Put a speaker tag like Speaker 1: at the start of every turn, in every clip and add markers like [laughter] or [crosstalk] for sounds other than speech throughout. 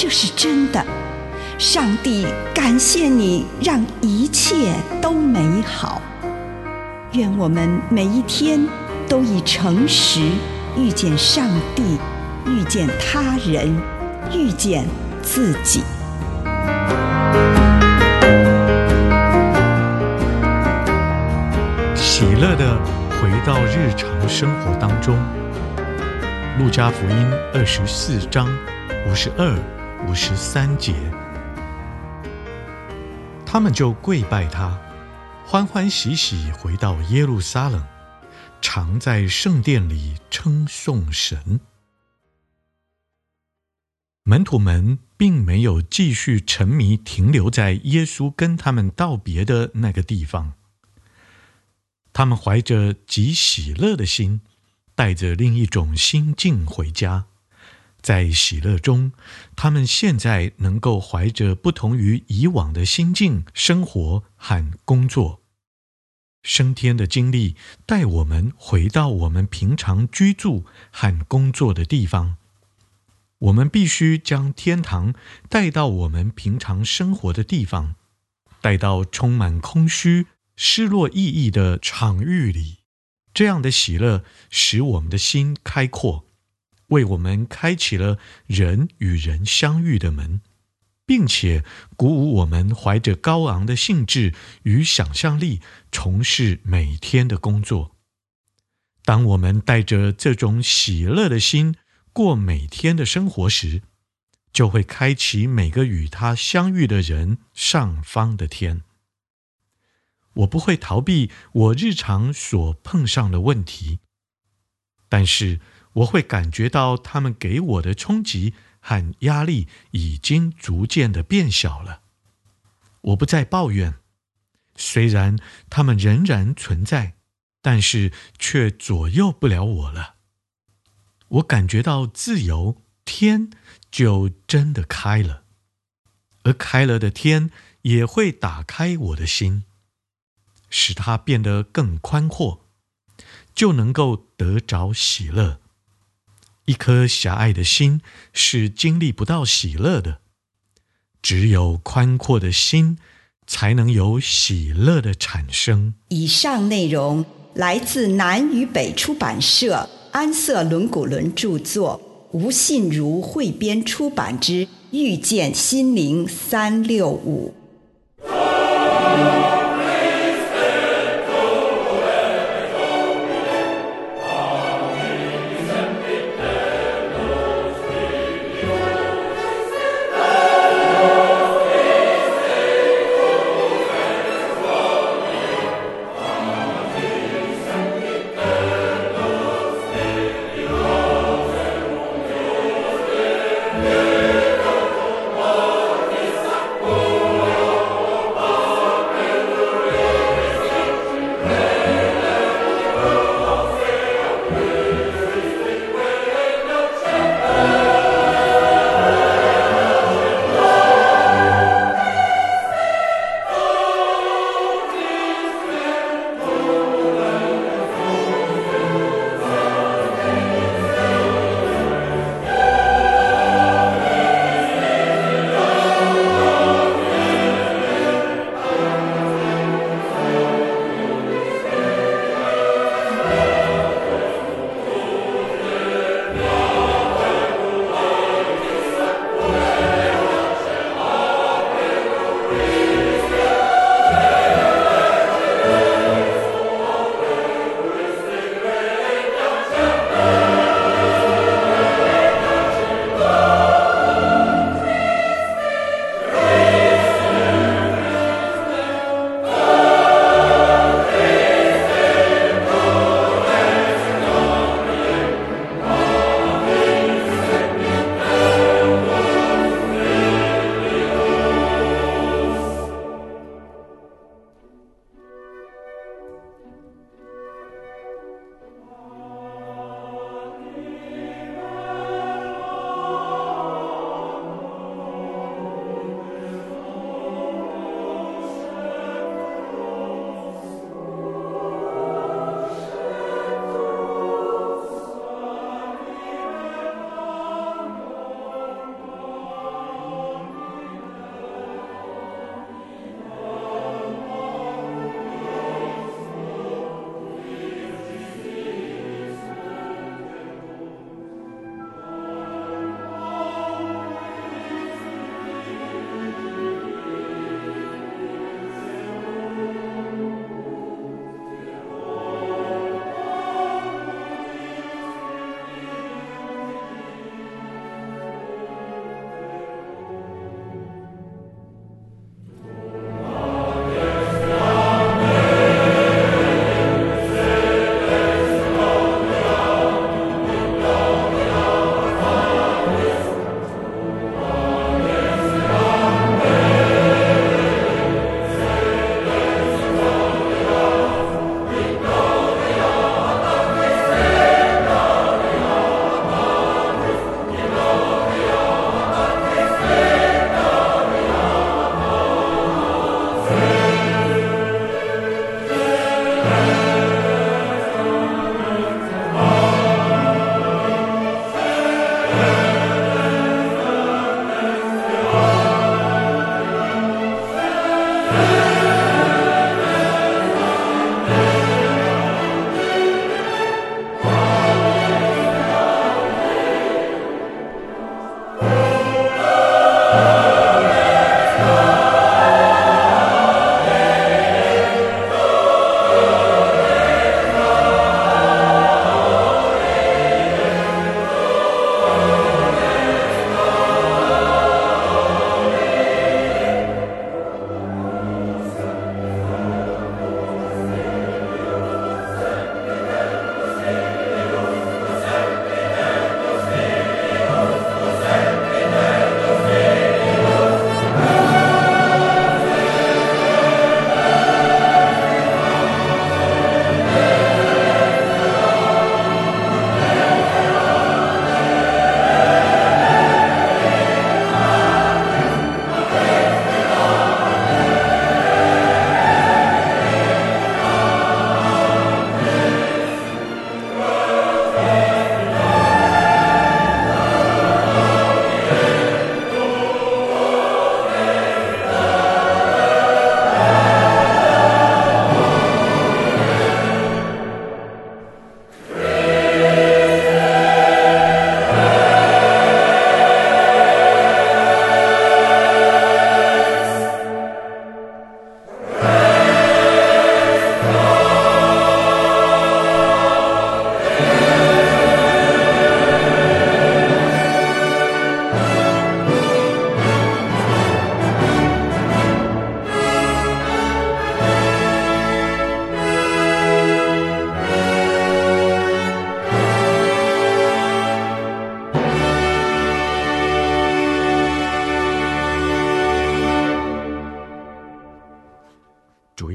Speaker 1: 這是真的，上帝感謝你讓一切都美好。願我們每一天都以誠實遇見上帝，遇見他人，遇見自己，
Speaker 2: 喜樂地回到日常生活當中。路加福音二十四章五十二。五十三節，他們就跪拜他，歡歡喜喜回到耶路撒冷，常在聖殿裡稱頌神。門徒們並沒有繼續沉迷，停留在耶穌跟他們道別的那個地方。他們懷着極喜樂的心，帶着另一種心境回家。在喜樂中，他們現在能夠懷着不同於以往的心境生活和工作。升天的經歷帶我們回到我們平常居住和工作的地方。我們必須將天堂帶到我們平常生活的地方，帶到充滿空虛、失落意義的場域裡。這樣的喜樂使我們的心開闊。為我們開啟了人與人相遇的門，並且鼓舞我們懷着高昂的興致與想象力從事每天的工作。當我們帶着這種喜樂的心過每天的生活時，就會開啟每個與他相遇的人上方的天。我不會逃避我日常所碰上的問題，但是，我會感覺到他們給我的衝擊和壓力已經逐漸的變小了，我不再抱怨，雖然他們仍然存在，但是卻左右不了我了。我感覺到自由，天就真的開了，而開了的天也會打開我的心，使它變得更寬闊，就能夠得着喜樂。一顆狹隘的心是經歷不到喜樂的，只有寬闊的心才能有喜樂的產生。
Speaker 1: 以上內容來自南與北出版社安瑟倫古倫著作，吳信如彙編出版之《遇見心靈三六五》。 [noise]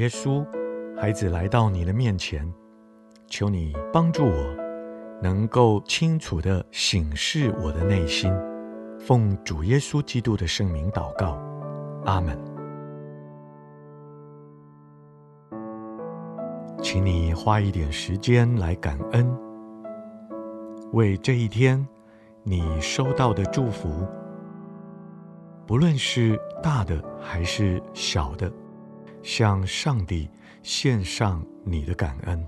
Speaker 2: 耶穌，孩子來到你的面前，求你幫助我，能夠清楚的省視我的內心。奉主耶穌基督的聖名禱告，阿門。請你花一點時間來感恩，為這一天你收到的祝福，不論是大的還是小的。向上帝獻上你的感恩。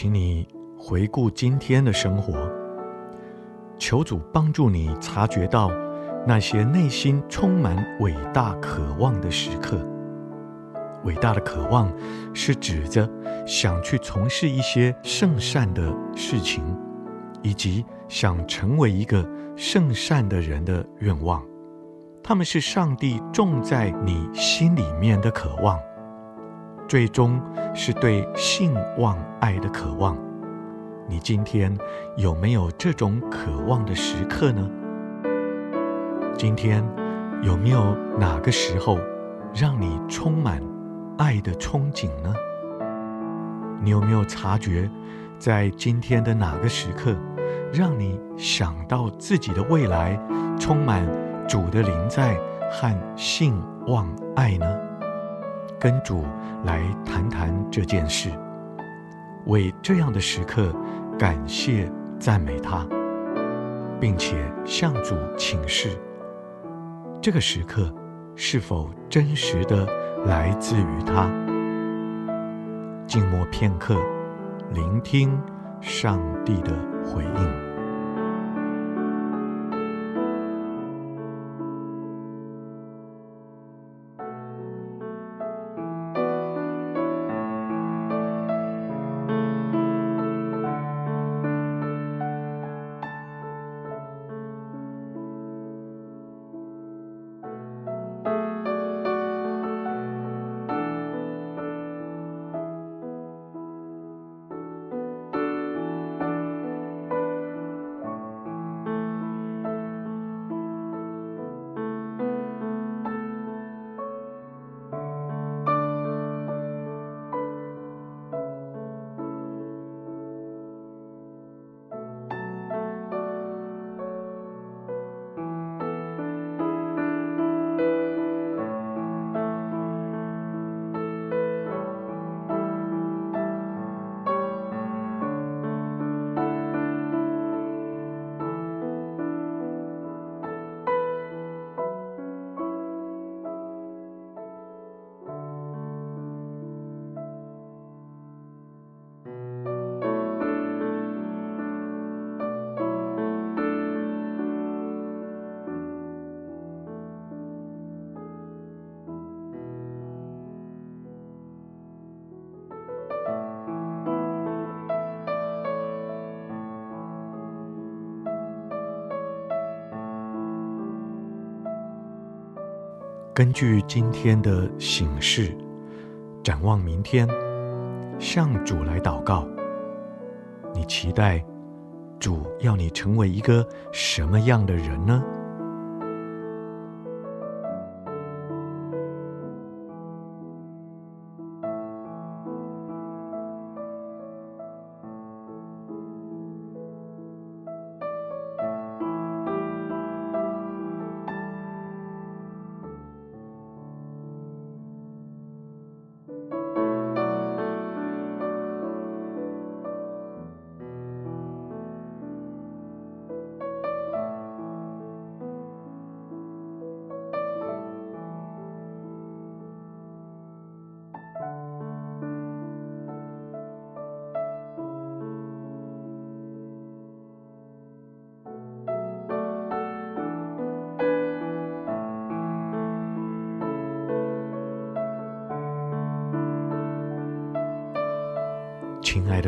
Speaker 2: 請你回顧今天的生活，求主幫助你察覺到那些內心充滿偉大渴望的時刻。偉大的渴望是指着想去從事一些聖善的事情，以及想成為一個聖善的人的願望。他們是上帝種在你心裡面的渴望。最終是對信、望、愛的渴望。你今天有沒有這種渴望的時刻呢？今天有沒有哪個時候讓你充滿愛的憧憬呢？你有沒有察覺，在今天的哪個時刻，讓你想到自己的未來充滿主的臨在和信、望、愛呢？跟主來談談這件事，為這樣的時刻感謝讚美他，並且向主請示這個時刻是否真實的來自於他。靜默片刻，聆聽上帝的回應。根據今天的省思，展望明天，向主來禱告。你期待，主要你成為一個什麼樣的人呢？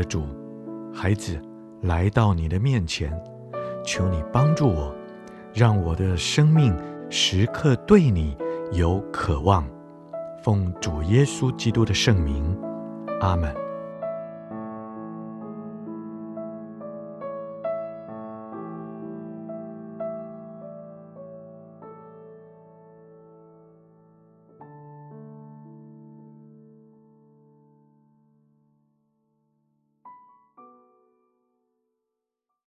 Speaker 2: 主，孩子，來到你的面前，求你幫助我，讓我的生命時刻對你有渴望。奉主耶穌基督的聖名，阿門。